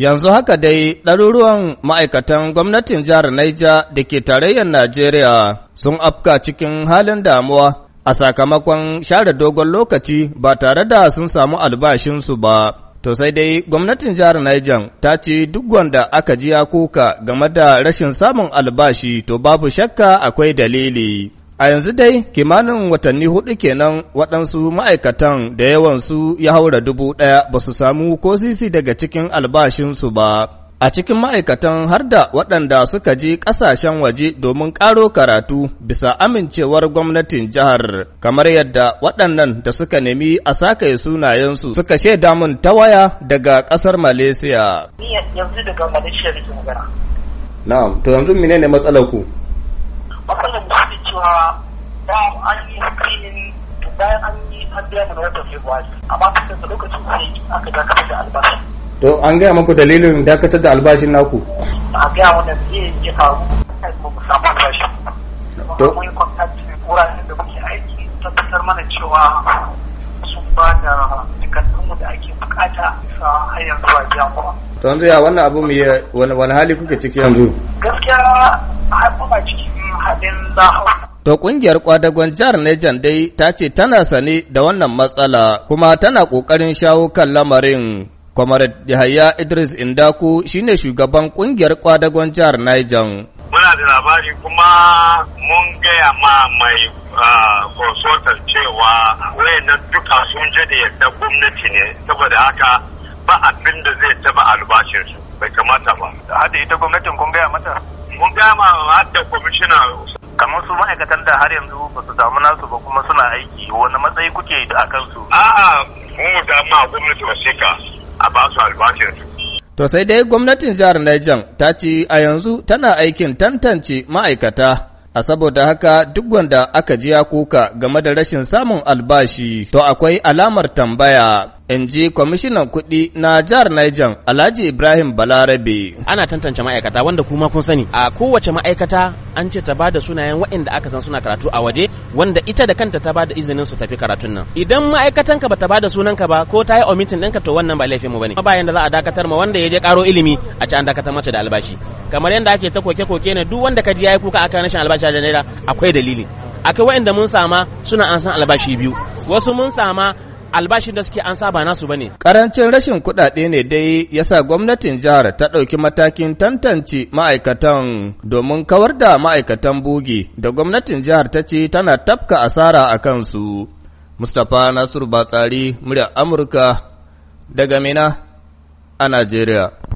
Yanzu haka dai ɗaruruwan ma'aikatan gwamnatin jihar Niger da ke tarayyar Najeriya sun afka cikin halin damuwa a sakamakon share dogon lokaci ba tare da sun samu albashinsu ba. To sai dai gwamnatin jihar Niger ta ce duk wanda aka ji ya kuka game da rashin samun albashi to babu shakka akwai dalili. A yanzu dai kimanin watanni hudu kenan waɗansu ma'aikatan da yawansu ya haura dubu ɗaya ba su samu ko sisi daga cikin albashinsu ba. A cikin ma'aikatan har da waɗanda suka je ƙasashen waje domin ƙaro karatu bisa amincewar gwamnatin jihar, kamar yadda waɗannan da suka nemi a sakaye sunayensu suka shaida mun ta waya daga ƙasar Malaysia. Yanzu Na'am, to yanzu menene matsalar ku? Matsalar cewa ba an yi screening bayan an yi an biya da To an gaya maku dalilin dakatar da albashin naku? A gaya mana zai ya faru mu samu albashi. To mun yi contact wuraren da muke aiki tabbatar mana cewa sun ba da da ake bukata bisa har yanzu biya kuma. To yanzu ya wannan abu mu wani hali kuke ciki yanzu? Gaskiya har kuma cikin halin lahau To ƙungiyar kwadagon jihar Nejan dai ta ce tana sane da wannan matsala kuma tana ƙoƙarin shawo kan lamarin. Comrade Yahaya Idris Indaku shine shugaban kungiyar kwadagon jihar Nejan. Muna da labari kuma mun gaya ma mai consultant cewa wayannan duka sun je da yadda gwamnati ne saboda haka ba abin da zai taba albashinsu bai kamata ba. Hada ita gwamnatin kun gaya mata? Mun gaya ma hadda kwamishina wasu ma'aikatan da har yanzu ba su samu nasu ba kuma suna aiki wani matsayi kuke a kansu a'a mu da ma gwamnati wasiƙa a ba su albashin To sai dai gwamnatin jihar Niger ta ce a yanzu tana aikin tantance ma'aikata a saboda haka duk wanda aka jiya kuka game da rashin samun albashi to akwai alamar tambaya in ji kwamishinan kuɗi na jihar Niger Alhaji Ibrahim Balarabe. Ana tantance ma'aikata wanda kuma kun sani a kowace ma'aikata an ce ta bada sunayen waɗanda aka san suna karatu a waje wanda ita da kanta ta bada izinin su tafi karatun nan. Idan ka bata bada sunanka ba ko ta yi omitin ka to wannan ba laifin mu bane. ba yanda za a dakatar ma wanda ya je karo ilimi a ci an dakatar masa da albashi. Kamar yadda ake ta koke-koke ne duk wanda ka ji ya yi kuka rashin albashi sha da naira akwai dalili akwai waɗanda mun sama suna an san albashi biyu wasu mun sama albashin da suke an saba nasu bane. Karancin rashin kuɗaɗe ne dai yasa gwamnatin jihar ta ɗauki matakin tantance ma'aikatan domin kawar da ma'aikatan bugi da gwamnatin jihar ta ce tana tafka asara a kansu. Mustapha Nasiru Batsari, murya Amurka daga Mina a Najeriya.